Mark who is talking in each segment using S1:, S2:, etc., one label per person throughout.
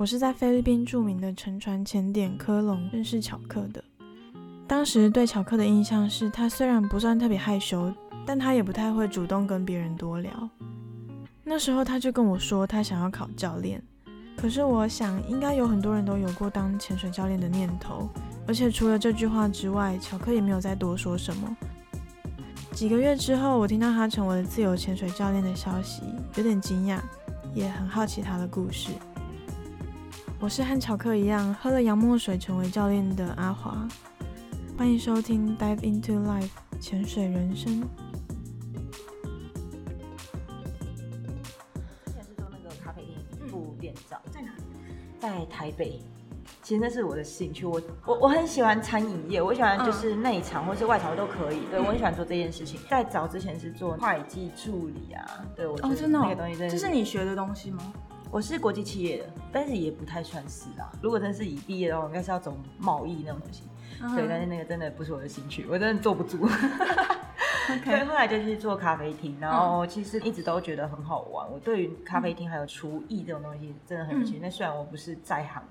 S1: 我是在菲律賓著名的沉船潛點科隆認識巧克的。當時對巧克的印象是，他雖然不算特別害羞，但他也不太會主動跟別人多聊。那時候他就跟我說，他想要考教練。可是我想，應該有很多人都有過當潛水教練的念頭。而且除了這句話之外，巧克也沒有再多說什麼。幾個月之後，我聽到他成為了自由潛水教練的消息，有點驚訝，也很好奇他的故事。我是和巧克一樣喝了洋墨水成為教練的阿華，歡迎收聽《Dive into Life》潛水人生。之前是做那個咖
S2: 啡店副店長，在哪、嗯、這個、在台北。其實那是我的興趣，我我我很喜歡餐飲業，我喜歡就是內場或是外場都可以，對、嗯、我很喜歡做這件事情。在早之前是做會計助理啊，對我就哦，真的、哦，那個東西，這是你學的東西嗎？我是國際企業的，但是也不太算是啦。如果真是已畢業的話，應該是要走貿易那種東西。所以。Uh-huh. 對，但是那個真的不是我的興趣，我真的坐不住。 okay. 所以後來就去做咖啡廳，然後其實一直都覺得很好玩。我對於咖啡廳還有廚藝這種東西真的很有興趣。那、嗯、雖然我不是在行的。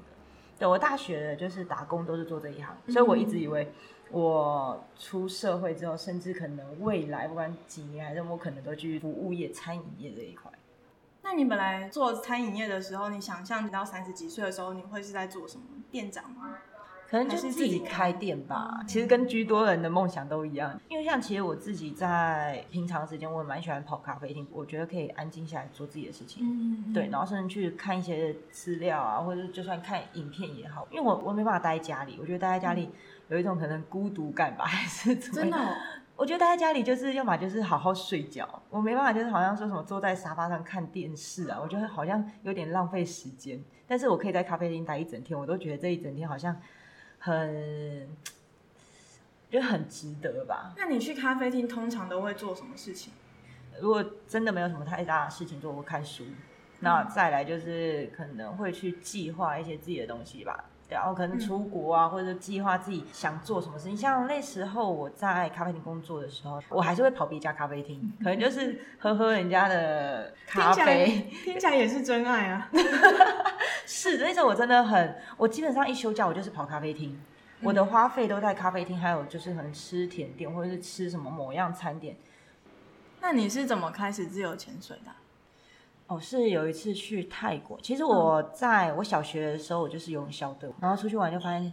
S2: 對我大學的就是打工都是做這一行，所以我一直以為我出社會之後，甚至可能未來不管幾年還是我可能都去服務業、餐飲業這一塊。
S1: 那你本來做餐飲業的時候，你想象你到三十幾歲的時候，你會是在做什麼？店長嗎？
S2: 可能就是自己開店吧、嗯。其實跟居多人的夢想都一樣，因為像其實我自己在平常時間，我也蠻喜歡跑咖啡廳，我覺得可以安靜下來做自己的事情。嗯，嗯，嗯，對，然後甚至去看一些資料啊，或者就算看影片也好。因為我我沒辦法待家裡，我覺得待在家裡有一種可能孤獨感吧、嗯，還是怎麼樣？真的、哦。我覺得待在家裡就是要嘛就是好好睡覺，我沒辦法，就是好像說什麼坐在沙發上看電視啊，我覺得好像有點浪費時間。但是我可以在咖啡廳待一整天，我都覺得這一整天好像很，就很值得吧。
S1: 那你去咖啡廳通常都會做什麼事情？
S2: 如果真的沒有什麼太大的事情做，我看書。那再來就是可能會去計劃一些自己的東西吧。然後、啊、可能出國啊，嗯、或者計劃自己想做什麼事情。像那時候我在咖啡廳工作的時候，我還是會跑別家咖啡廳、嗯，可能就是喝喝人家的咖啡，
S1: 聽起來，來也是真愛啊。
S2: 是那時候我真的很，我基本上一休假我就是跑咖啡廳，嗯、我的花費都在咖啡廳，還有就是很吃甜點或者是吃什麼某樣餐點。那你
S1: 是怎麼開始自由潛水的？
S2: 哦，是有一次去泰國。其實我在我小學的時候，我就是游泳校隊，嗯，然後出去玩就發現，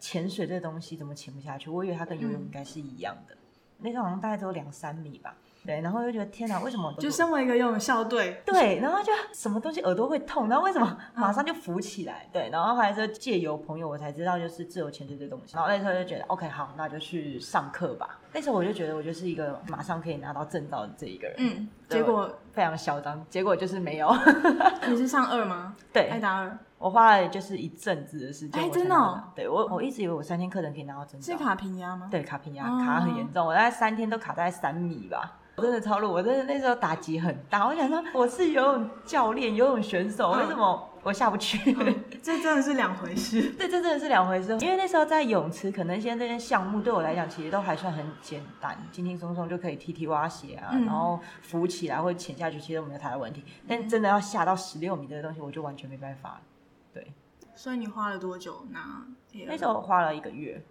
S2: 潛水這個東西怎麼潛不下去？我以為它跟游泳應該是一樣的，嗯、那個好像大概只有兩三米吧。對，然後又覺得天哪，為什麼就身為一個游泳校隊？對，然後就什麼東西耳朵會痛，然後為什麼馬上就浮起來？啊、對，然後後來就借由朋友，我才知道就是自由潛水這東西。然後那時候就覺得，OK，好，那就去上課吧。那時候我就覺得我就是一個馬上可以拿到證照的這一個人。嗯，結果非常囂張，結果就是沒有。 你是上二嗎？對，愛達二。我花了就是一陣子的時間、哎。哎，真的、哦？對我我一直以為我三天課程可以拿到證照。是卡
S1: 平壓嗎？對，
S2: 卡平壓卡很嚴重，哦哦哦，我大概三天都卡在三米吧。我真的超弱，我真的那時候打擊很大。我想說，我是游泳教練、游泳選手、啊，為什麼我下不去？嗯、這真的是兩回事。 對，這真的是兩回事，因為那時候在泳池，可能現在這些項目對我來講其實都還算很簡單，輕輕鬆鬆就可以踢踢蛙鞋啊、嗯，然後浮起來或者潛下去，其實都沒有太大問題、嗯。但真的要下到十六米這個東西，我就完全沒辦法。對，
S1: 所以你花了多久呢？那，A2 那時候我
S2: 花了一個月。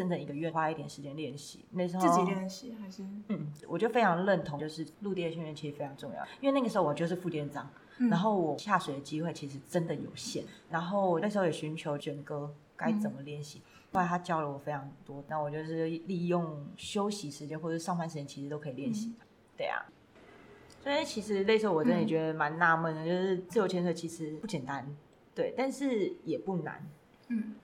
S2: 整整一個月花一點時間練習，那時候自己練習還是嗯，我就非常認同，就是陸地的訓練其實非常重要。因為那個時候我就是副店長、嗯，然後我下水的機會其實真的有限。然後那時候也尋求卷哥該怎麼練習、嗯，後來他教了我非常多。那我就是利用休息時間或者上班時間，其實都可以練習、嗯、對啊，所以其實那時候我真的也覺得蠻納悶的，嗯、就是自由潛水其實不簡單，對，但是也不難，嗯。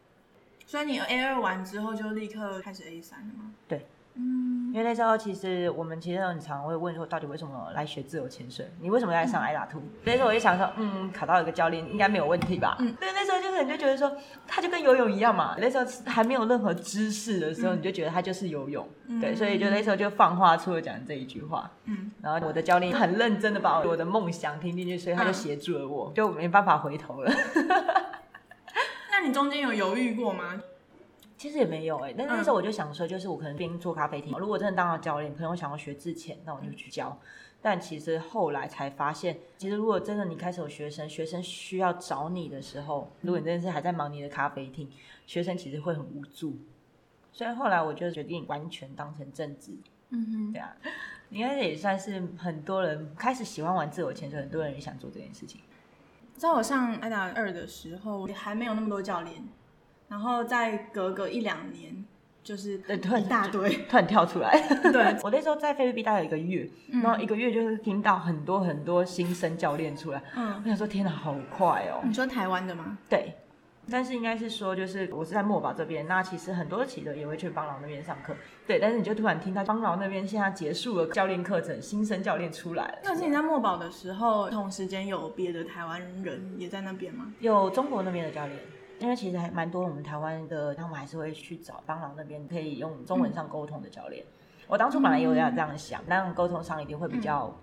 S1: 所以你 A 二完之後就立刻開始 A 三了嗎？對，嗯，
S2: 因為那時候其實我們其實很常會問說，到底為什麼來學自由潛水？你為什麼要來上挨打兔？所以說我就想說，嗯，考到一個教練應該沒有問題吧？嗯，對，那時候就是你就覺得說，他就跟游泳一樣嘛。那時候還沒有任何知識的時候，你就覺得他就是游泳。嗯，對，所以就那時候就放話出來講這一句話。嗯，然後我的教練很認真的把我的夢想聽進去，所以他就協助了我，嗯，就沒辦法回頭了。
S1: 你中間
S2: 有猶豫過嗎？其實也沒有哎、欸，但那時候我就想說，就是我可能邊做咖啡廳、嗯，如果真的當了教練，朋友想要學自潛，那我就去教、嗯。但其實後來才發現，其實如果真的你開始有學生，學生需要找你的時候，如果你真的是還在忙你的咖啡廳，學生其實會很無助。所以後來我就決定完全當成正職。嗯哼，對啊，應該也算是很多人開始喜歡玩自由潛水，很多人也想做這件事情。
S1: 在我上 AIDA 二的時候，也還沒有那麼多教練，然後再隔個一兩年，就是
S2: 突然一大堆突然， 突然跳出來。對 我那時候在菲律賓待了一個月，嗯，然後一個月就是聽到很多很多新生教練出來，嗯，我想說天哪，好快哦！你
S1: 說台灣的嗎？對。
S2: 但是應該是說，就是我是在墨寶這邊，那其實很多企的也會去邦勞那邊上課，對。但是你就突然聽到邦勞那邊現在結束了教練課程，新
S1: 生教練出來了。那你在墨寶的時候，同時間有別的台灣人也在那邊嗎？有中國那邊的教練，因為其實還蠻多我們台
S2: 灣的，他們還是會去找邦勞那邊可以用中文上溝通的教練，嗯。我當初本來有點這樣想，嗯，那樣溝通上一定會比較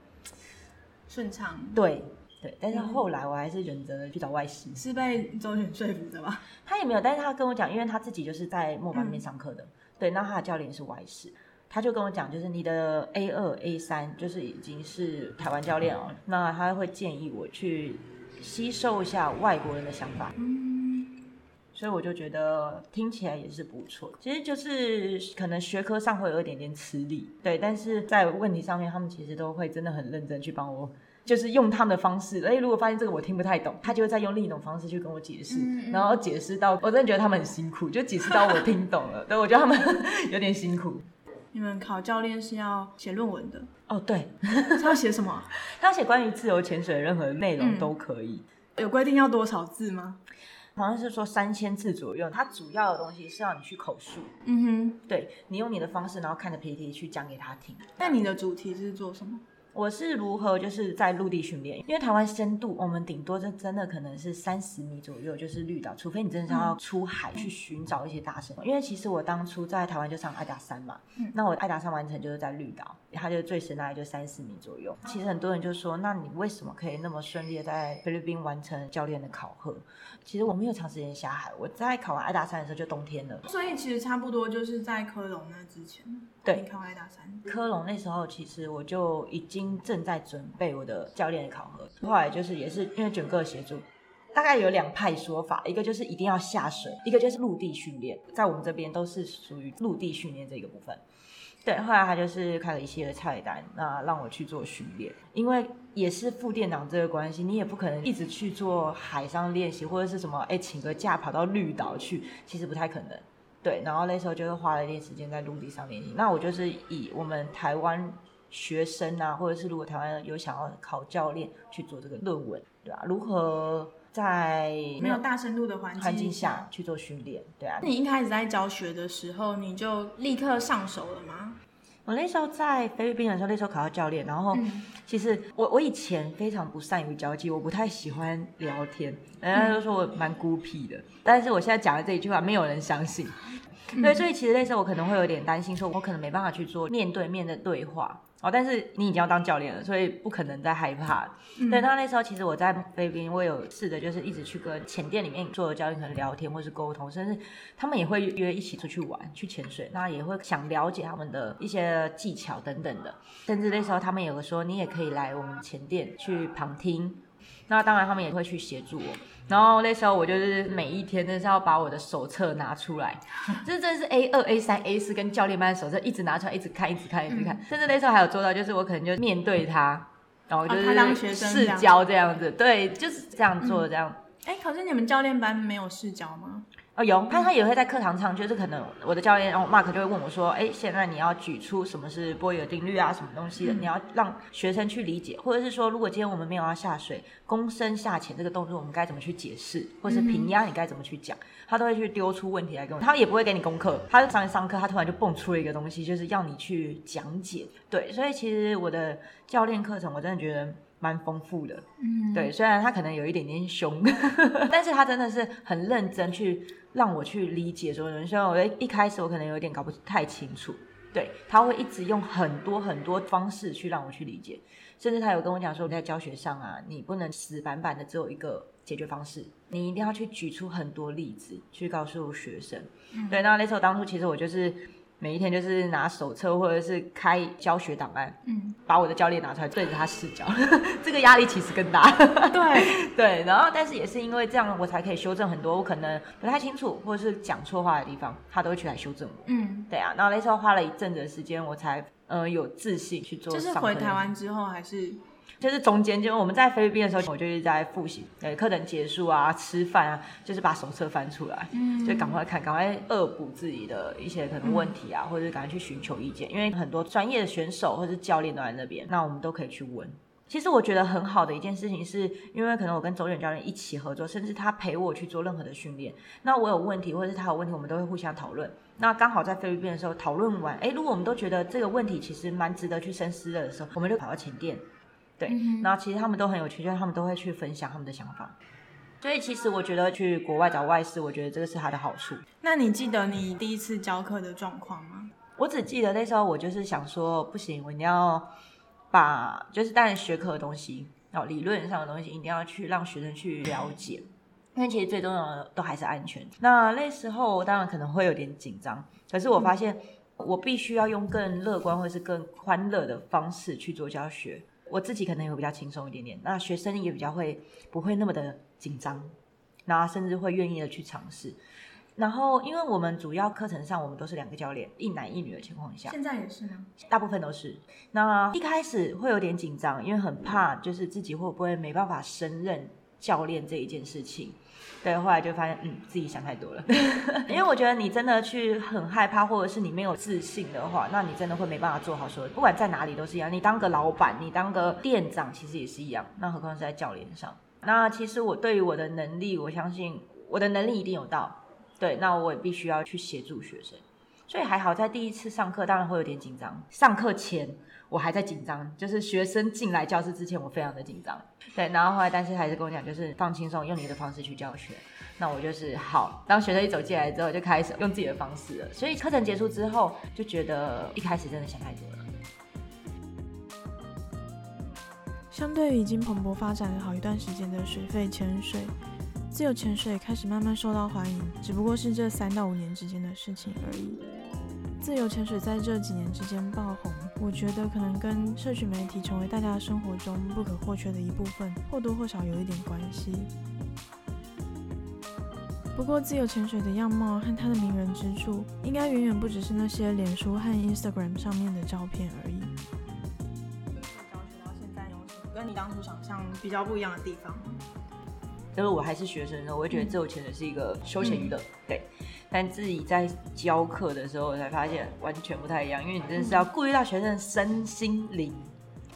S1: 順暢，嗯。對。
S2: 對，但是後來我還是選擇去找外師。是被周璇說服的嗎？他也沒有，但是他跟我講，因為他自己就是在莫班面上課的、嗯，對，那他的教練是外師，他就跟我講，就是你的 A 二 A 三就是已經是台灣教練哦、嗯，那他會建議我去吸收一下外國人的想法、嗯，所以我就覺得聽起來也是不錯，其實就是可能學科上會有一點點吃力，對，但是在問題上面，他們其實都會真的很認真去幫我。就是用他們的方式，以、欸、如果發現這個我聽不太懂，他就會再用另一種方式去跟我解釋、嗯嗯，然後解釋到，我真的覺得他們很辛苦，就解釋到我聽懂了。 對，我覺得他們有點辛苦。
S1: 你們考教練是要寫論文的？
S2: 哦，對，他要寫什麼、啊？他要寫關於自由潛水的任何內容都可以。嗯、有規定要多少字嗎？好像是說三千字左右。他主要的東西是要你去口述。嗯哼，對，你用你的方式，然後看着 PPT 去講給他聽。那你的主題是做什麼？我是如何就是在陸地訓練，因為台灣深度我們頂多就真的可能是三十米左右，就是綠島，除非你真的是要出海去尋找一些大深，嗯、因為其實我當初在台灣就上愛達三嘛，嗯，那我愛達三完成就是在綠島，它就最深大概就三十米左右，嗯。其實很多人就說，那你為什麼可以那麼順利在菲律賓完成教練的考核？其實我沒有長時間下海，我在考完愛達三的時候就冬天了，所
S1: 以其實差不多就是在科隆那之前。對，你看我，科
S2: 隆那時候其實我就已經正在準備我的教練考核。後來就是也是因為整個協助，大概有兩派說法，一個就是一定要下水，一個就是陸地訓練。在我們這邊都是屬於陸地訓練這個部分。對，後來他就是開了一系列菜單，那讓我去做訓練。因為也是副店長這個關係，你也不可能一直去做海上練習或者是什麼，哎，請個假跑到綠島去，其實不太可能。對，然後那時候就會花了一點時間在陸地上練習。那我就是以我們台灣學生啊，或者是如果台灣有想要考教練去做這個論文，對吧？如何在沒有大
S1: 深度的環境下
S2: 去做訓練？對啊，那你一
S1: 開始在教學的時候，你就立刻上手了嗎？
S2: 我那時候在菲律賓的時候，那時候考到教練，然後其實我我以前非常不善於交際，我不太喜歡聊天，人家都說我蠻孤僻的，但是我現在講了這一句話，沒有人相信，對，所以其實那時候我可能會有點擔心說，說我可能沒辦法去做面對面的對話。哦，但是你已經要當教練了，所以不可能再害怕。嗯、對，那那時候，其實我在菲律賓，我有試著，就是一直去跟潛店裡面做的教練可能聊天，或是溝通，甚至他們也會約一起出去玩，去潛水，那也會想了解他們的一些技巧等等的，甚至那時候他們有會說，你也可以來我們潛店去旁聽。那當然，他們也會去協助我。然後那時候，我就是每一天都是要把我的手冊拿出來， 這真的是 A 二、A 三、A 四跟教練班的手冊一直拿出來，一直看，一直看，一直看。甚至那時候還有做到，就是我可能就面對他，然後就是試教這樣子，哦他當學生這樣對。對，就是、嗯、這樣做這樣。
S1: 哎、欸，可是你們教練班沒有試教嗎？
S2: 啊有，他他也會在課堂上，就是可能我的教練，哦，Mark 就會問我說：“哎、欸，現在你要舉出什麼是波以耳定律啊，什麼東西的、嗯？你要讓學生去理解，或者是說，如果今天我們沒有要下水，躬身下潛這個動作，我們該怎麼去解釋，或是平壓你該怎麼去講？他都會去丟出問題來給我。」他也不會給你功課，他上一上課，他突然就蹦出了一個東西，就是要你去講解。對，所以其實我的教練課程，我真的覺得蠻豐富的。嗯，對，雖然他可能有一點點兇，但是他真的是很認真去。讓我去理解說，有人生，我一開始我可能有點搞不太清楚，對，他會一直用很多很多方式去讓我去理解，甚至他有跟我講說，在教學上啊，你不能死板板的只有一個解決方式，你一定要去舉出很多例子去告訴學生。對，那那時候當初其實我就是。每一天就是拿手冊或者是開教學檔案，嗯，把我的教練拿出來對着他試教， 這個壓力其實更大。 對對，然後但是也是因為這樣，我才可以修正很多我可能不太清楚或者是講錯話的地方，他都會去來修正我。嗯，對啊，那那時候花了一陣子的時間，我才嗯、呃、有自信去做。就是回台灣
S1: 之後還是。
S2: 就是中間，就我們在菲律賓的時候，我就一直在復習。哎，課程結束啊，吃飯啊，就是把手冊翻出來，就趕快看，趕快惡補自己的一些可能問題啊，或者趕快去尋求意見，因為很多專業的選手或者教練都在那邊，那我們都可以去問。其實我覺得很好的一件事情是，是因為可能我跟周遠教練一起合作，甚至他陪我去做任何的訓練，那我有問題或者他有問題，我們都會互相討論。那剛好在菲律賓的時候討論完，哎、欸，如果我們都覺得這個問題其實蠻值得去深思的時候，我們就跑到前店。然後其實他們都很有趣，就是他們都會去分享他們的想法。所以其實我覺得去國外找外事，我覺得這個是它的好處。
S1: 那你記得你第一次教課的狀況嗎？
S2: 我只記得那時候我就是想說，不行，我一定要把就是當然學科的東西，然後理論上的東西一定要去讓學生去了解。因為其實最重要的都還是安全。那那時候我當然可能會有點緊張，可是我發現我必須要用更樂觀或是更歡樂的方式去做教學。我自己可能也會比較輕鬆一點點，那學生也比較會不會那麼的緊張，然後甚至會願意的去嘗試。然後因為我們主要課程上，我們都是兩個教練，一男一女的情況下。現在
S1: 也是
S2: 呢，大部分都是。那一開始會有點緊張，因為很怕就是自己會不會沒辦法勝任。教練這一件事情，對，後來就發現，嗯，自己想太多了。 因為我覺得你真的去很害怕，或者是你沒有自信的話，那你真的會沒辦法做好。所以不管在哪裡都是一樣，你當個老闆，你當個店長其實也是一樣。那何況是在教練上？那其實我對於我的能力，我相信我的能力一定有到。對，那我也必須要去協助學生。所以還好，在第一次上課當然會有點緊張。上課前我還在緊張，就是學生進來教室之前我非常的緊張。對，然後後來導師還是跟我講，就是放輕鬆，用你的方式去教學。那我就是好，當學生一走進來之後，就開始用自己的方式了。所以課程結束之後，就覺得一開始真的想太多了。
S1: 相對於已經蓬勃發展了好一段時間的水肺潛水。自由潛水開始慢慢受到歡迎，只不過是這三到五年之間的事情而已。自由潛水在這幾年之間爆紅，我覺得可能跟社群媒體成為大家的生活中不可或缺的一部分，或多或少有一點關係。不過，自由潛水的樣貌和他的迷人之處，應該遠遠不只是那些臉書和 Instagram 上面的照片而已。了解到現在，有什麼跟你當初想象比較不一樣的地方？
S2: 就是我還是學生的時候，我會覺得這種其實是一個休閒娛樂，對。但自己在教課的時候，我才發現完全不太一樣，因為你真的是要顧慮到學生的身心靈。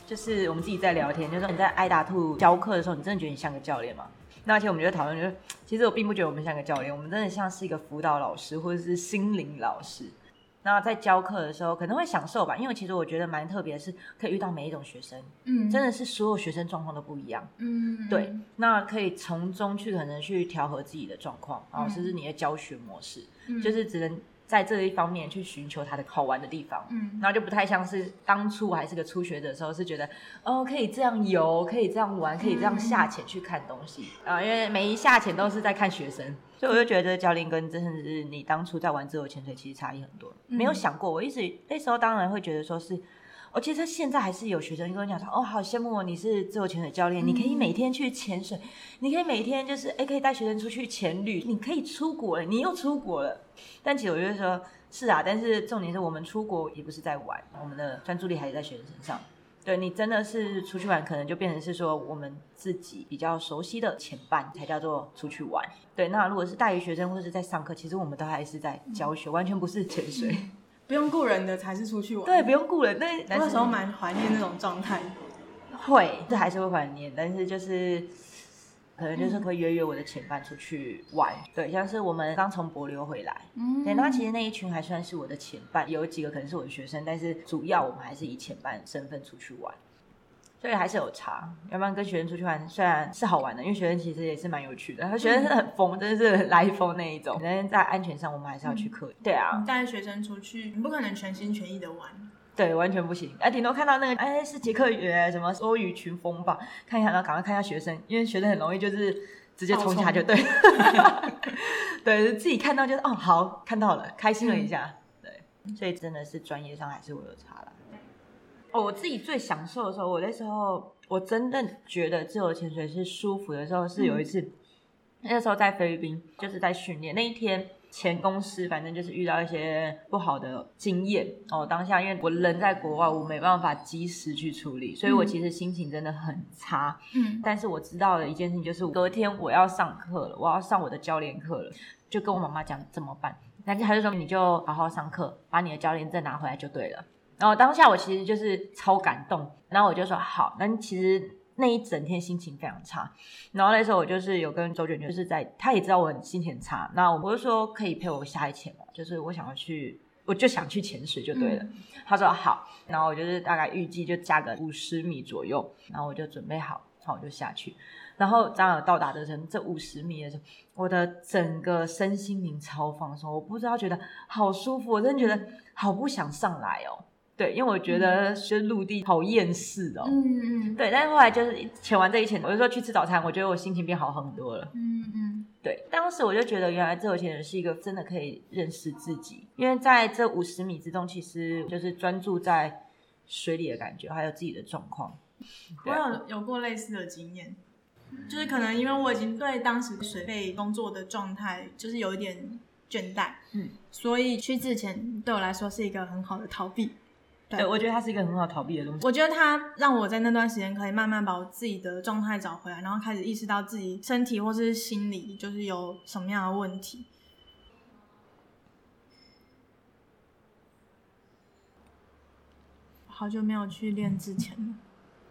S2: 就是我們自己在聊天，就說、是、你在 AIDA 2教課的時候，你真的覺得你像個教練嗎？那而且我們就討論，就是其實我並不覺得我們像個教練，我們真的像是一個輔導老師或者是心靈老師。那在教課的時候可能會享受吧，因為其實我覺得蠻特別，是可以遇到每一種學生，嗯，真的是所有學生狀況都不一樣，嗯，對，那可以從中去可能去調和自己的狀況，然後是是你的教學模式，嗯，就是只能在這一方面去尋求他的好玩的地方，嗯，然後就不太像是當初我還是個初學者的時候，是覺得哦可以這樣遊，可以這樣玩，可以這樣下潛去看東西，嗯，啊，因為每一下潛都是在看學生。 所以我就覺得這教練跟真的是你當初在玩自由潛水其實差異很多，嗯、沒有想過。我一直那時候當然會覺得說是，哦、其實他現在還是有學生跟我講說，哦，好羨慕我，你是自由潛水教練，你可以每天去潛水，你可以每天就是哎可以帶學生出去潛旅，你可以出國了，你又出國了。但其實我覺得說是啊，但是重點是我們出國也不是在玩，我們的專注力還是在學生身上。對，你真的是出去玩，可能就變成是說我們自己比較熟悉的前半才叫做出去玩。對，那如果是大學學生或者是在上課，其實我們都還是在教學，完全不是潛水、嗯。
S1: 不用顧人的才是出去玩。對，不用顧人。
S2: 那那時候蠻懷念那種狀態。會，這還是會懷念，但是就是。可能就是可以約約我的潛伴出去玩，對，像是我們剛從帛琉回來，對，那其實那一群還算是我的潛伴，有幾個可能是我的學生，但是主要我們還是以潛伴身份出去玩，所以還是有差。要不然跟學生出去玩，雖然是好玩的，因為學生其實也是蠻有趣的，他學生是很瘋，真的是很來瘋那一種，但是在安全上，我們還是要去刻意、嗯。對啊，
S1: 帶學生出去，你不可能全心全意的玩。
S2: 對，完全不行。哎，頂多看到那個，哎，是傑克魚，什麼多魚群風吧？看一下，然後趕快看一下學生，因為學生很容易就是直接衝起他就對。 對，自己看到就是哦，好，看到了，開心了一下。嗯、對，所以真的是專業上還是會有差了。哦，我自己最享受的時候，我那時候我真正覺得自由潛水是舒服的時候，是有一次，嗯、那個、時候在菲律賓，就是在訓練那一天。前公司反正就是遇到一些不好的經驗哦，當下因為我人在國外，我沒辦法及時去處理，所以我其實心情真的很差。嗯，但是我知道的一件事情就是，隔天我要上課了，我要上我的教練課了，就跟我媽媽講怎麼辦，但是她就說你就好好上課，把你的教練證拿回來就對了。然後當下我其實就是超感動，然後我就說好，那其實。那一整天心情非常差，然後那時候我就是有跟周卷卷，就是在他也知道我心情很差，那我就說，可以陪我下一潛嘛？就是我想要去，我就想去潛水就對了。嗯，他說好，然後我就是大概預計就加個五十米左右，然後我就準備好，然後我就下去。然後當我到達的時候，這五十米的時候，我的整個身心靈超放鬆，我不知道覺得好舒服，我真的覺得好不想上來哦。對，因為我覺得是陸地好厭世的喔。嗯嗯嗯。對，但是後來就是潛完這一潛，我就說去吃早餐，我覺得我心情變好很多了。嗯嗯。對，當時我就覺得，原來做有錢人是一個真的可以認識自己，因為在這五十米之中，其實就是專注在水裡的感覺，還有自己的狀況。我有
S1: 有過類似的經驗，就是可能因為我已經對當時水肺工作的狀態就是有一點倦怠，嗯，所以去之前對我來說是一個很好的逃避。對，對，我覺得它是一個很好逃避的東西。我覺得它讓我在那段時間可以慢慢把我自己的狀態找回來，然後開始意識到自己身體或是心理就是有什麼樣的問題。好久沒有去練之前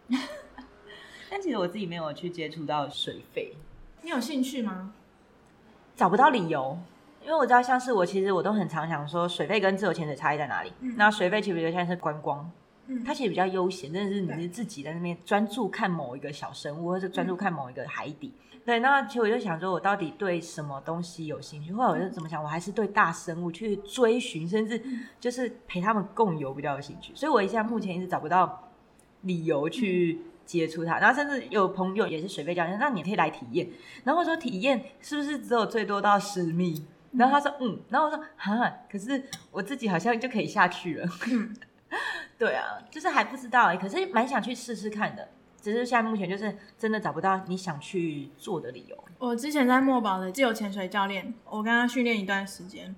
S2: 了， 但其實我自己沒有去接觸到水肺，
S1: 你有興趣嗎？
S2: 找不到理由。因為我知道，像是我，其實我都很常想說，水肺跟自由潛水差異在哪裡？嗯、那水肺其實現在是觀光、嗯，它其實比較悠閒，真的是你是自己在那邊專注看某一個小生物，或者專注看某一個海底、嗯。對，那其實我就想說，我到底對什麼東西有興趣？或者我就怎麼想？我還是對大生物去追尋，甚至就是陪他們共游比較有興趣。所以我現在目前一直找不到理由去接觸它。然後，甚至有朋友也是水肺教練，那你可以來體驗。然後我說，體驗是不是只有最多到十米？然後他說嗯，然後我說很，可是我自己好像就可以下去了，嗯、 對啊，就是還不知道哎、欸，可是蠻想去試試看的，只是現在目前就是真的找不到你想去做的理由。
S1: 我之前在墨寶的自由潛水教練，我跟他訓練一段時間，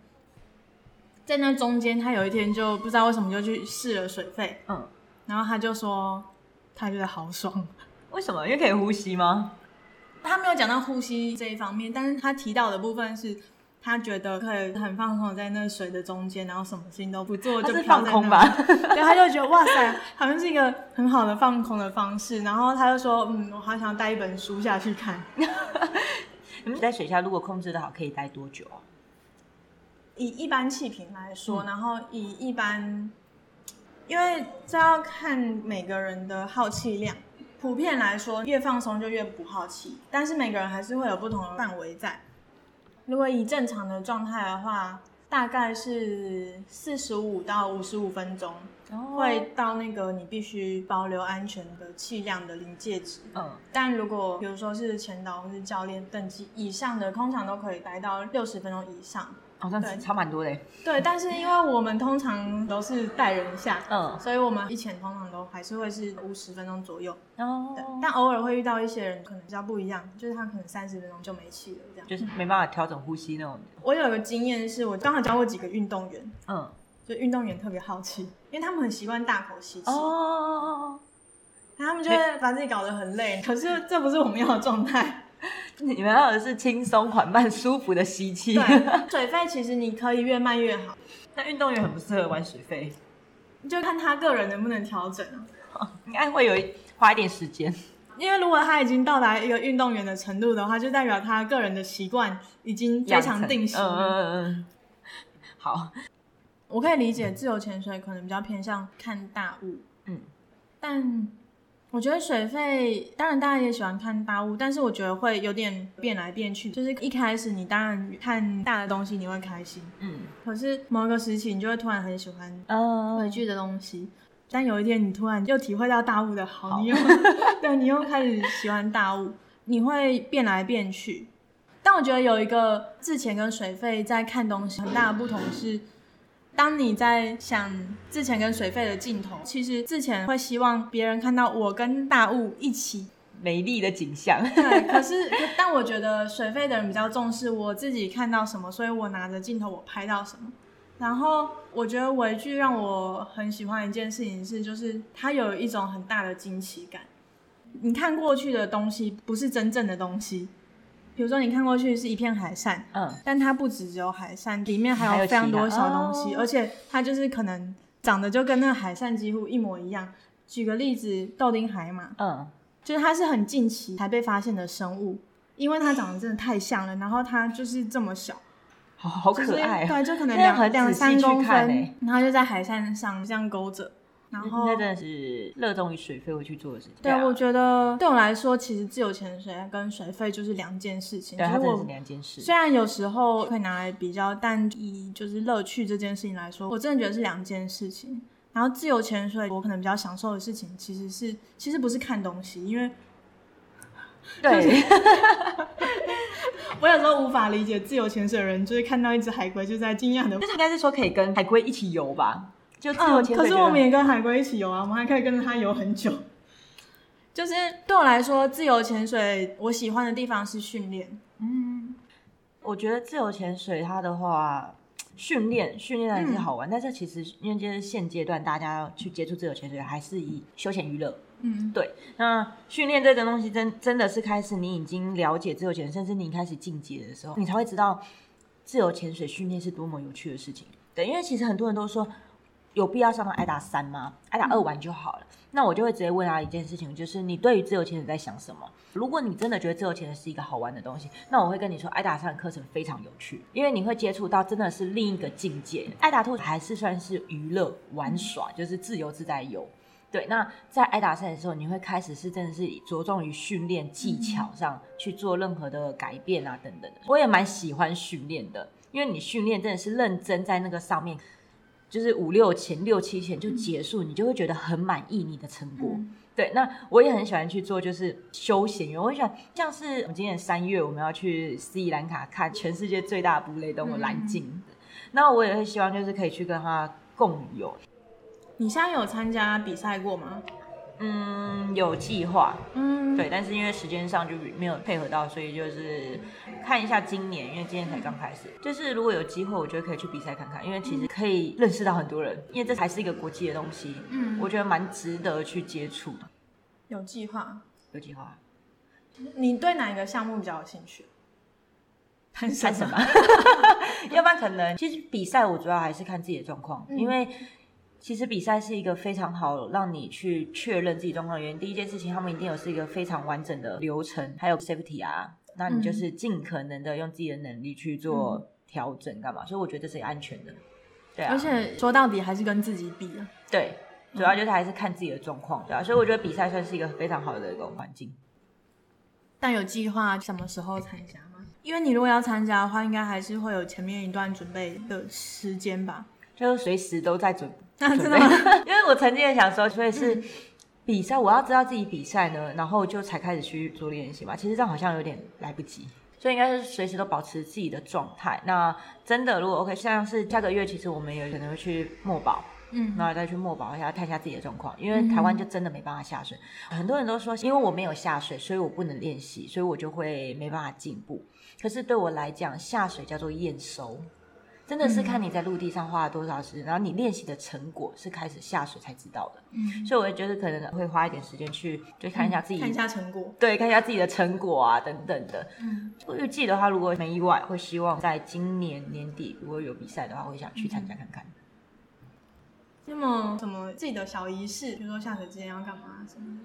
S1: 在那中間他有一天就不知道為什麼就去試了水肺，嗯，然後他就說他覺得好爽。為什麼？因為可以呼吸嗎？他沒有講到呼吸這一方面，但是他提到的部分是。他覺得可以很放鬆在那水的中間，然後什麼事情都不做就是放空吧。 對，他就覺得哇塞，好像是一個很好的放空的方式。然後他就說，嗯，我好想帶一本書下去看。你 在水下如果控制得好，可以待多久啊？以一般氣瓶來說，嗯，然後以一般，因為這要看每個人的耗氣量。普遍來說，越放鬆就越不耗氣，但是每個人還是會有不同的範圍在。如果以正常的狀態的話，大概是四十五到五十五分鐘，oh. 然後會到那個你必須保留安全的氣量的臨界值。嗯、oh.，但如果比如說是前導或是教練等級以上的，通常都可以待到六十分鐘以上。
S2: 好像差蠻多的。
S1: 對，但是因為我們通常都是帶人下，嗯，所以我們以前通常都還是會是五十分鐘左右。哦。但偶爾會遇到一些人可能比較不一樣，就是他可能三十分鐘就沒氣了這樣。就是沒辦法調整呼吸那種。我有一個經驗是，我剛好教過幾個運動員，嗯，就運動員特別好奇，因為他們很習慣大口吸氣。哦哦哦哦。他們就會把自己搞得很累，可是這不是我們要的狀態。你們要的是輕鬆、緩慢、舒服的吸氣。對，水肺其實你可以越慢越好，但運動員很不
S2: 適合玩水肺，
S1: 就看他個人能不能調整了。應該會有一花一點時間，因為如果他已經到達一個運動員的程度的話，就代表他個人的習慣已經非常定型。嗯嗯嗯。好，我可以理解自由潛水可能比較偏向看大物，嗯，但。我覺得水肺當然大家也喜歡看大物，但是我覺得會有點變來變去。就是一開始你當然看大的東西你會開心，嗯，可是某一個時期你就會突然很喜歡微距的東西。哦哦哦，但有一天你突然又體會到大物的好，好你又 對，你又開始喜歡大物，你會變來變去。但我覺得有一個之前跟水肺在看東西很大的不同是。當你在想之前跟水肺的鏡頭，其實之前會希望別人看到我跟大物一起美麗的景象。 對，可是但我覺得水肺的人比較重視我自己看到什麼，所以我拿着鏡頭，我拍到什麼。然後我覺得微距讓我很喜歡一件事情是，就是他有一種很大的驚奇感。你看過去的東西不是真正的東西。比如說，你看過去是一片海扇，嗯，但它不只只有海扇，裡面還有非常多小東西，哦，而且它就是可能長得就跟那個海扇幾乎一模一樣。舉個例子，豆丁海馬，嗯，就是它是很近期才被發現的生物，因為它長得真的太像了，然後它就是這麼小，
S2: 好好可愛，啊就是，對，就可能兩兩、欸、三公分，
S1: 然後就在海扇上這樣勾着。然後，那真
S2: 的是熱衷於水肺會去做的事情。對，
S1: 我覺得對我來說，其實自由潛水跟水肺就是兩件事情，還、就是、是兩件事。雖然有時候可以拿來比較，但以就是樂趣這件事情來說，我真的覺得是兩件事情。然後自由潛水，我可能比較享受的事情，其實是其實不是看東西，因為對， 我有時候無法理解自由潛水的人，就是看到一隻海龜就在驚訝的，就是應該是說可以跟海龜一起游吧。就自由潛水，嗯，可是我們也跟海龜一起游啊，我們還可以跟着它游很久。就是對我來說，自由潛水我喜歡的地方是訓練。
S2: 嗯，我覺得自由潛水它的話，訓練訓練還是好玩，嗯，但是其實因為就是現在現階段大家要去接觸自由潛水，還是以休閒娛樂。嗯，對。那訓練這個東西真，真真的是開始你已經了解自由潛水，甚至你已經開始進階的時候，你才會知道自由潛水訓練是多麼有趣的事情。對，因為其實很多人都說，有必要上到愛達三嗎？愛達二玩就好了。嗯。那我就會直接問他一件事情，就是你對於自由潛水在想什麼？如果你真的覺得自由潛水是一個好玩的東西，那我會跟你說，愛達三的課程非常有趣，因為你會接觸到真的是另一個境界。愛達二還是算是娛樂玩耍，就是自由自在游。對，那在愛達三的時候，你會開始是真的是着重於訓練技巧上去做任何的改變啊等等的。我也蠻喜歡訓練的，因為你訓練真的是認真在那個上面。就是五六千、六七千就結束、嗯，你就會覺得很滿意你的成果、嗯。對，那我也很喜歡去做，就是休閒游。我想像是我們今年三月我們要去斯里蘭卡看全世界最大哺乳動物的藍鯨，那我也會希望就是可以去跟他共有。
S1: 你現在有參加比賽過嗎？
S2: 嗯，有計劃，
S1: 嗯，對，但
S2: 是因為時間上就沒有配合到，所以就是看一下今年，因為今年才剛開始、嗯，就是如果有機會，我覺得可以去比賽看看、嗯，因為其實可以認識到很多人，因為這才是一個國際的東西，嗯，我覺得蠻值得去接觸、嗯。
S1: 有計劃，
S2: 有計劃。
S1: 你對哪一個項目比較有興趣？
S2: 看什麼？麼 要不然可能其實比賽我主要還是看自己的狀況，嗯、因為。其實比賽是一個非常好讓你去確認自己狀況的原因。第一件事情，他們一定有是一個非常完整的流程，還有 safety 啊，那你就是盡可能的用自己的能力去做調整幹嘛。嗯、所以我覺得這是一個安全的，對啊。而且說
S1: 到底還是跟自己比啊，
S2: 對、嗯，主要就是還是看自己的狀況對啊。所以我覺得比賽算是一個非常好的一個環境。
S1: 但有計劃什麼時候參加嗎？因為你如果要參加的話，應該還是會有前面一段準備的時間吧？就是隨時
S2: 都在準。真、啊、的， 因為我曾經也想說，所以是比賽、嗯，我要知道自己比賽呢，然後就才開始去做練習吧。其實這樣好像有點來不及，所以應該是隨時都保持自己的狀態。那真的，如果 OK，像是下個月，其實我們也可能會去墨寶，嗯，然後再去墨寶一下，看一下自己的狀況，因為台灣就真的沒辦法下水。嗯嗯，很多人都說，因為我沒有下水，所以我不能練習，所以我就會沒辦法進步。可是對我來講，下水叫做驗收。真的是看你在陸地上花了多少時間，嗯，然後你練習的成果是開始下水才知道的。嗯，所以我會覺得可能會花一點時間去，就看一下自己，嗯，看一下成果，對，看一下自己的成果啊等等的。嗯，我預計的話，如果沒意外，會希望在今年年底如果有比賽的話，會想去參加
S1: 看看。那、嗯、麼，什麼自己的小儀式，比如說下水之前要幹嘛什
S2: 麼？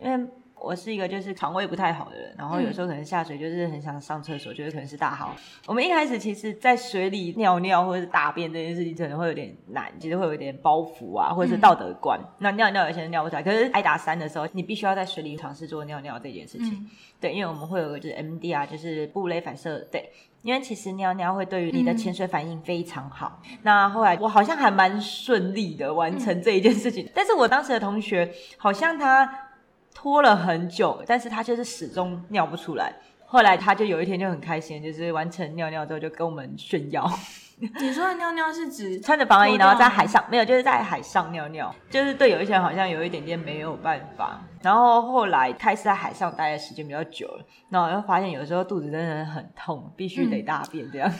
S2: 因為。我是一個就是腸胃不太好的人，然後有時候可能下水就是很想上廁所，覺、嗯、得、就是、可能是大號。我們一開始其實，在水裡尿尿或者是大便這件事情可能會有點難，其實會有點包袱啊，或者是道德觀、嗯。那尿尿有些人尿不出來，可是 AIDA 三的時候，你必須要在水裡嘗試做尿尿這件事情。嗯、對，因為我們會有個就是 MDR，就是哺乳反射。對，因為其實尿尿會對於你的潛水反應非常好。嗯、那後來我好像還蠻順利的完成這一件事情、嗯，但是我當時的同學好像他。拖了很久，但是他卻是始終尿不出來。後來他就有一天就很開心，就是完成尿尿之後就跟我們炫耀。你
S1: 說的尿尿是指
S2: 穿着防寒衣，然後在海上沒有，就是在海上尿尿，就是對有一些人好像有一點點沒有辦法。然後後來開始在海上待的時間比較久了，然後又發現有時候肚子真的很痛，必須得大便這樣。
S1: 嗯，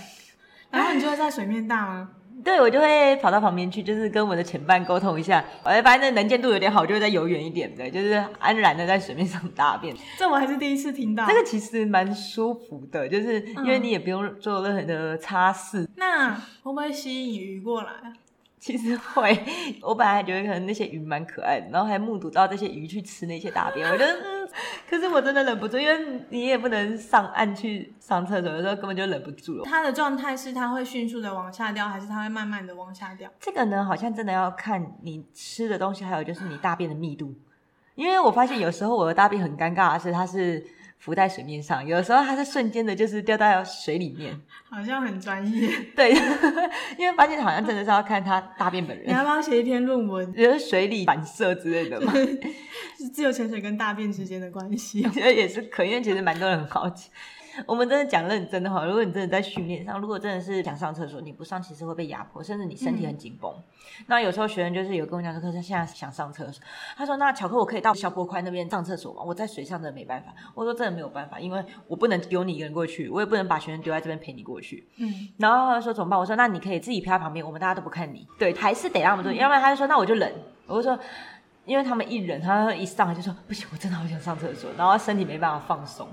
S1: 然後你就會在水面大嗎？
S2: 對，我就會跑到旁邊去，就是跟我的潛伴溝通一下。我發現那能見度有點好，就會再游遠一點的，就是安然的在水面上大便。
S1: 這我還是第一次聽到。這個
S2: 其實蠻舒服的，就是因為你也不用做任何的擦拭。嗯、
S1: 那會不會吸引魚過來？
S2: 其實會，我本來還覺得可能那些魚蠻可愛的，然後還目睹到這些魚去吃那些大便，我覺得，嗯，可是我真的忍不住，因為你也不能上岸去上廁所的時候，根本就忍不住。它
S1: 的狀態是它會迅速的往下掉，還是它會慢慢的往下掉？
S2: 這個呢，好像真的要看你吃的東西，還有就是你大便的密度，因為我發現有時候我的大便很尷尬的是，它是。浮在水面上，有的時候它是瞬間的，就是掉到水裡面，
S1: 好像很專業。對，
S2: 因為發現好像真的是要看它大便本人。你要
S1: 不要寫一篇論文，覺得
S2: 水裡反射之類的嘛、就是，
S1: 是自由潛水跟大便之間的關係。我
S2: 覺得也是可，因為其實蠻多人很好奇。我們真的講認真的話，如果你真的在訓練上，如果真的是想上廁所，你不上其實會被壓迫，甚至你身體很緊繃。嗯、那有時候學生就是有跟我講說，可是現在想上廁所，他說那巧克我可以到小波寬那邊上廁所嗎？我在水上真的沒辦法，我說真的沒有辦法，因為我不能丟你一個人過去，我也不能把學生丟在這邊陪你過去。嗯，然後他說怎麼辦？我說那你可以自己飄在旁邊，我們大家都不看你。對，還是得那麼多。要不然他就說那我就忍，我就說因為他們一忍，他一上來就說不行，我真的好想上廁所，然後他身體沒辦法放鬆。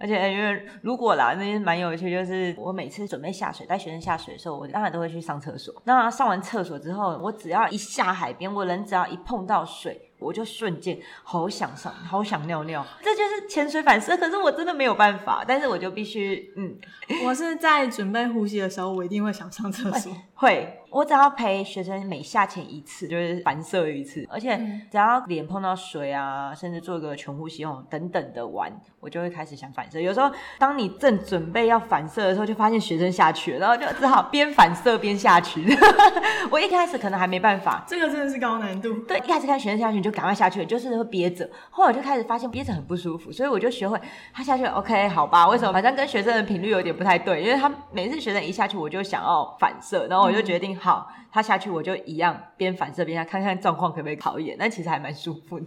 S2: 而且因為如果啦，那些蠻有趣，就是我每次準備下水帶學生下水的時候，我當然都會去上廁所。那上完廁所之後，我只要一下海邊，我人只要一碰到水，我就瞬間好想上，好想尿尿。這就是潛水反射，可是我真的沒有辦法，但是我就必
S1: 須嗯。我是在準備呼吸的時候，我一定會想上廁所。
S2: 會。我只要陪學生每下潛一次，就是反射一次，而且只要臉碰到水啊，甚至做個全呼吸哦等等的玩，我就會開始想反射。有時候當你正準備要反射的時候，就發現學生下去了，然後就只好邊反射邊下去。 我一開始可能還沒辦法，這個真的是高難度。對，一開始看學生下去你就趕快下去，就是會憋着。後來我就開始發現憋着很不舒服，所以我就學會他下去，OK，好吧，為什麼？反正跟學生的頻率有點不太對。因為他每次學生一下去，我就想要反射，然後我就決定。嗯好，他下去我就一樣，邊反射邊下，看看狀況可不可以考驗。那其實還蠻舒服的，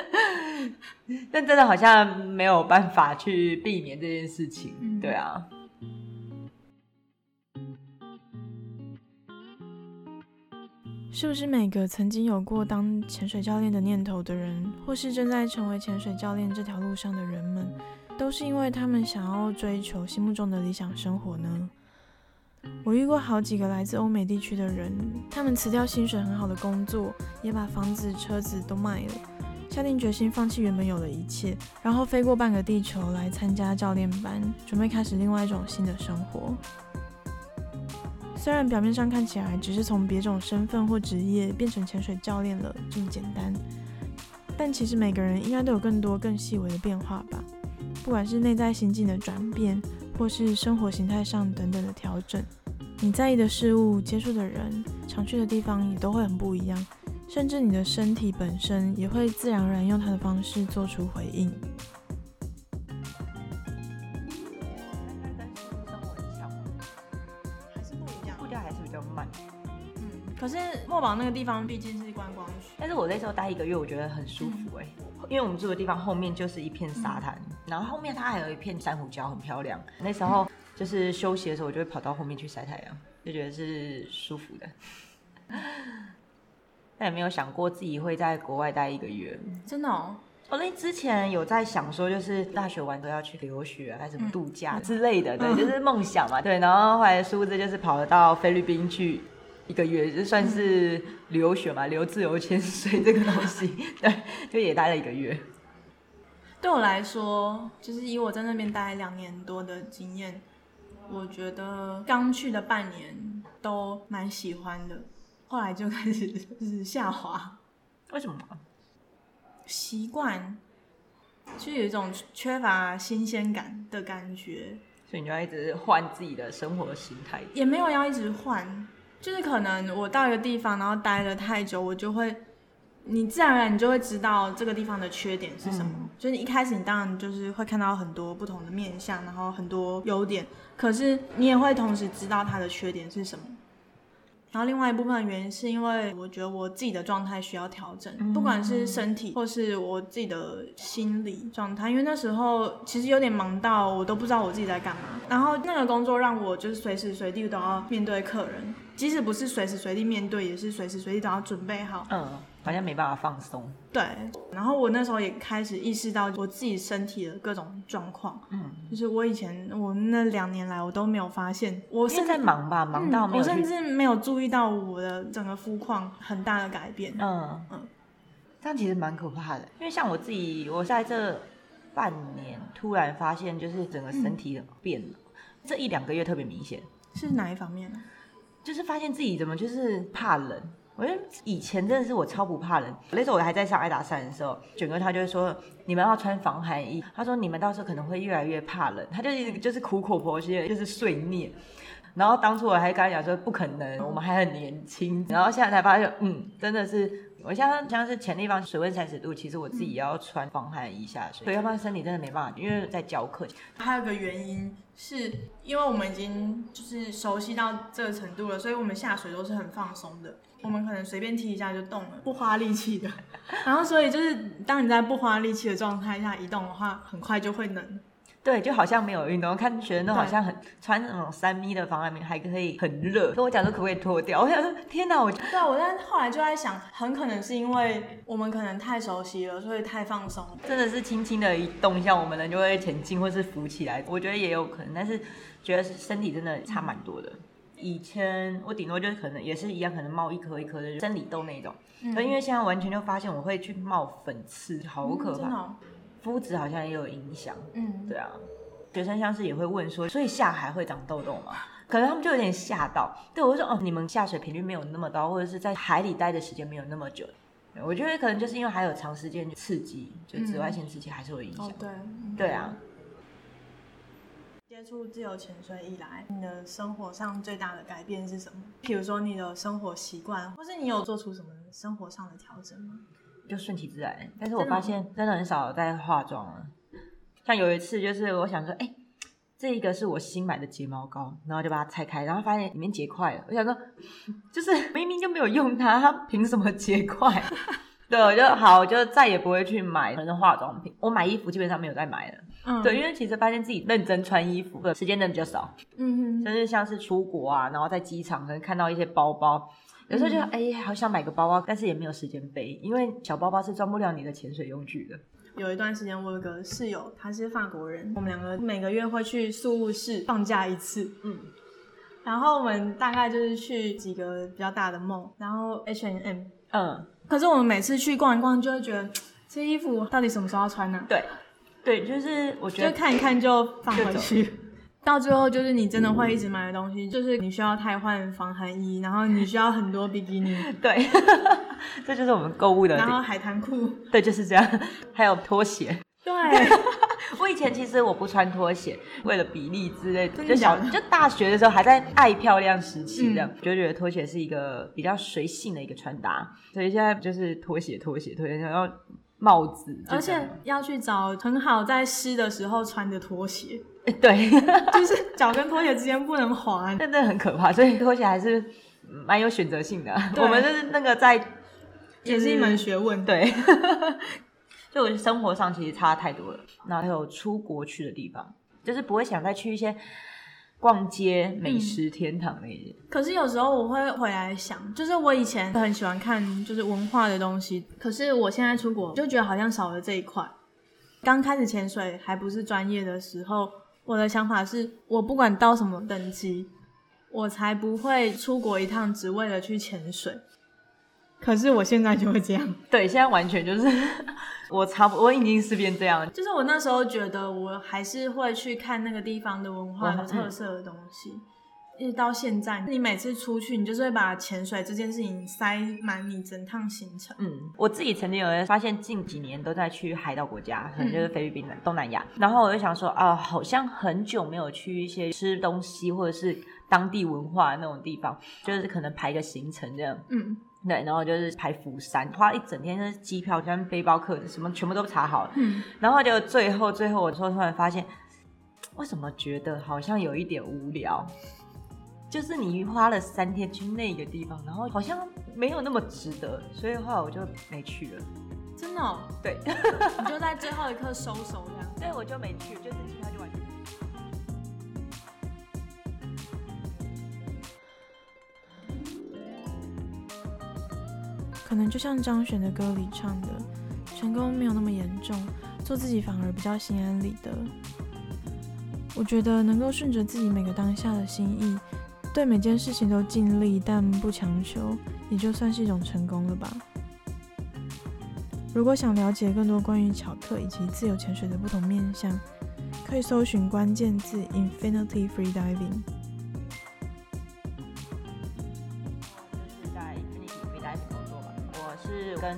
S2: 但真的好像沒有辦法去避免這件事情，嗯、對啊。
S1: 是不是每個曾經有過當潛水教練的念頭的人，或是正在成為潛水教練這條路上的人們，都是因為他們想要追求心目中的理想生活呢？我遇過好幾個來自歐美地區的人，他們辭掉薪水很好的工作，也把房子、車子都賣了，下定決心放棄原本有的一切，然後飛過半個地球來參加教練班，準備開始另外一種新的生活。雖然表面上看起來只是從別種身份或職業變成潛水教練了這麼簡單，但其實每個人應該都有更多更細微的變化吧，不管是內在心境的轉變。或是生活型態上等等的調整，你在意的事物、接觸的人、常去的地方也都會很不一樣，甚至你的身體本身也會自然而然用它的方式做出回應。不
S2: 步調還是比較慢。
S1: 嗯，可是墨寶那個地方畢竟是
S2: 觀光區，但是我那時候待一個月，我覺得很舒服誒、欸。嗯因為我們住的地方後面就是一片沙灘，嗯、然後後面它還有一片珊瑚礁，很漂亮。那時候就是休息的時候，我就會跑到後面去曬太陽，就覺得是舒服的。 但也沒有想過自己會在國外待一個月。真、嗯、的，我、哦、那之前有在想說，就是大學完都要去留學、啊，還是度假、嗯、之類的，對，就是夢想嘛，嗯、對。然後後來殊不知就是跑得到菲律賓去。一個月就算是留學嘛，留、嗯、自由潛水這個東西， 對，就也待了一個月。
S1: 對我來說，就是以我在那邊待兩年多的經驗，我覺得剛去了半年都蠻喜歡的，後來就開始就是下滑。為什麼？習慣，就有一種缺乏新鮮感的感覺。
S2: 所以你就要一直換自己的生活型態，
S1: 也沒有要一直換。就是可能我到一個地方，然後待了太久，我就會，你自然而然你就會知道這個地方的缺點是什麼。嗯、就是你一開始你當然就是會看到很多不同的面相，然後很多優點，可是你也會同時知道它的缺點是什麼。然後另外一部分原因是因為我覺得我自己的狀態需要調整，嗯、不管是身體或是我自己的心理狀態，因為那時候其實有點忙到我都不知道我自己在幹嘛。然後那個工作讓我就是隨時隨地都要面對客人，即使不是隨時隨地面對，也是隨時隨地都要準備好。嗯。
S2: 好像沒辦法放鬆。
S1: 對，然後我那時候也開始意識到我自己身體的各種狀況。嗯，就是我以前我那兩年來我都沒有發現我，我是在忙吧，忙到沒、嗯、我甚至沒有注意到我的整個膚況很大的改變。嗯嗯，但其實蠻可怕的，因
S2: 為像我自己，我在這半年突然發現，就是整個身體變了、嗯，這一兩個月特別明顯。
S1: 是哪一方面、嗯？
S2: 就是發現自己怎麼就是怕冷。我覺得以前真的是我超不怕冷。那時候我還在上 AIDA 三的時候，捲哥他就說：“你們要穿防寒衣。”他說：“你們到時候可能會越來越怕冷。”他就一直就是苦口婆心，就是碎念。然後當初我還跟他講說：“不可能，我們還很年輕。”然後現在才發現，嗯，真的是。我像像是前地方水溫三十度，其實我自己要穿防寒衣下水，對，要不然身體真的沒辦法，因為在教課。
S1: 還有個原因是，因為我們已經就是熟悉到這個程度了，所以我們下水都是很放鬆的，我們可能隨便踢一下就動了，不花力氣的。 然後所以就是，當你在不花力氣的狀態下移動的話，很快就會冷。對，就好
S2: 像沒有運動，看學生都好像很穿那種、嗯、三米的防寒面，還可以很熱。跟我講說可不可以脫掉，我想說
S1: 天哪，我對我。但後來就在想，很可能是因為我們可能太熟悉了，所以太放鬆。
S2: 真的是輕輕的一動一下，我們人就會前進或是浮起來。我覺得也有可能，但是覺得身體真的差蠻多的。以前我頂多就是可能也是一樣，可能冒一顆一顆的生理痘那種。但、嗯、因為現在完全就發現，我會去冒粉刺，好可怕。嗯嗯真膚質好像也有影響，嗯，對啊，學生像是也會問說，所以下海會長痘痘嗎？可能他們就有點嚇到，對，我就說哦，你們下水頻率沒有那麼高，或者是在海裡待的時間沒有那麼久，我覺得可能就是因為還有長時間刺激，就紫外線刺激還是會影
S1: 響，嗯，對啊，嗯，對啊。接觸自由潛水以來，你的生活上最大的改變是什麼？譬如說你的生活習慣，或是你有做出什麼生活上的調整嗎？
S2: 就順其自然，但是我發現真的很少在化妝了、啊。像有一次，就是我想說，哎、欸，這一個是我新買的睫毛膏，然後就把它拆開，然後發現裡面結塊了。我想說，就是明明就沒有用它，它憑什麼結塊？ 對，我就好，我就再也不會去買很多化妝品。我買衣服基本上沒有再買了、嗯，對，因為其實發現自己認真穿衣服的時間真的比較少。
S1: 嗯哼，
S2: 甚至像是出國啊，然後在機場可能看到一些包包。有時候就哎、欸，好想買個包包，但是也沒有時間背，因為小包包是裝不了你的潛水用具的。
S1: 有一段時間，我有個室友，他是法國人，我們兩個每個月會去宿務市放假一次，嗯，然後我們大概就是去幾個比較大的 mall，然後 H and M，嗯，可是我們每次去逛一逛，就會覺得這衣服到底什麼時候要穿呢、啊？對，對，就是我覺得就看一看就放回去。到最後就是你真的會一直買的東西，嗯、就是你需要汰換防寒衣，然後你需要很多比基尼。對，
S2: 這就是我們購物的。然後
S1: 海灘褲，
S2: 對，就是這樣。還有拖鞋，
S1: 對 我以前其實我不穿拖鞋，
S2: 為了比例之類的。就小，就大學的時候還在愛漂亮時期的，的、嗯、就覺得拖鞋是一個比較隨性的一個穿搭。所以現在就是拖鞋，拖鞋，拖鞋，然後。帽子，而且
S1: 要去找很好在濕的時候穿的拖鞋，欸、
S2: 對， 就是腳跟拖鞋之間不能滑，真的很可怕，所以拖鞋還是蠻有選擇性的。我們就是那個在、就是，也是一門學問，對。所以我 生活上其實差太多了，然後還有出國去的地方，就是不會想再去一些。逛街、美食天堂、嗯、那些、個。
S1: 可是有時候我會回來想，就是我以前很喜歡看就是文化的東西，可是我現在出國就覺得好像少了這一塊。剛開始潛水還不是專業的時候，我的想法是我不管到什麼等級，我才不會出國一趟只為了去潛水。可是我現在就會這樣，對，現在完全就是。我差不多，我已經是變這樣。就是我那時候覺得，我還是會去看那個地方的文化和特色的東西。一直、嗯、到現在，你每次出去，你就是會把潛水這件事情塞滿你整趟行程。嗯，
S2: 我自己曾經有發現，近幾年都在去海島國家、嗯，可能就是菲律賓、東南亞。然後我就想說，啊，好像很久沒有去一些吃東西或者是當地文化那種地方，就是可能排個行程這樣。嗯。對，然後就是排釜山，花了一整天的、就是、機票，跟背包客，什麼全部都查好了。嗯，然後就最後最後，我說突然發現，為什麼覺得好像有一點無聊？就是你花了三天去那個地方，然後好像沒有那麼值得，所以後來我就沒去了。真的、哦？對，你
S1: 就在最後一刻收手這樣。 對，我就沒去，就是機票就完全。可能就像張懸的歌裡唱的，成功沒有那麼嚴重，做自己反而比較心安理得。我覺得能夠順着自己每個當下的心意，對每件事情都盡力但不強求，也就算是一種成功了吧。如果想了解更多關於巧克以及自由潛水的不同面向，可以搜尋關鍵字 Infinity Freediving。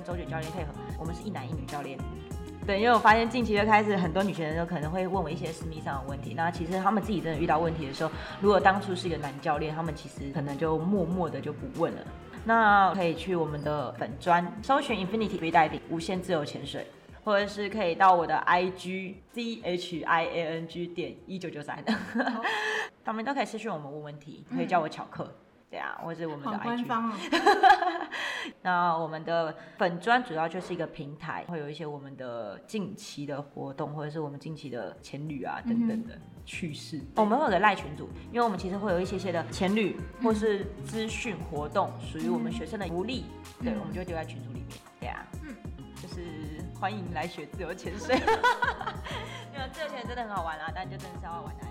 S2: 周角教練配合，我們是一男一女教練。對，因為我發現近期就開始很多女學生都可能會問我一些私密上的問題。那其實他們自己真的遇到問題的時候，如果當初是一個男教練，他們其實可能就默默的就不問了。那可以去我們的粉專搜尋 Infinity Freediving 無限自由潛水，或者是可以到我的 I、oh. G C H I A N G 點一九九三，到那邊都可以私訊我們問問題，可以叫我巧克。嗯對啊，或者我們的
S1: IG、
S2: 哦、 那我們的粉專主要就是一個平台，會有一些我們的近期的活動，或者是我們近期的潛旅啊等等的趣事。嗯、我們會有個賴群組，因為我們其實會有一些些的潛旅、嗯，或是資訊活動，屬於我們學生的福利。對，我們就丟在群組裡面。對啊，嗯，就是歡迎來學自由潛水。因為自由潛水真的很好玩啊，但就真的是要玩的、啊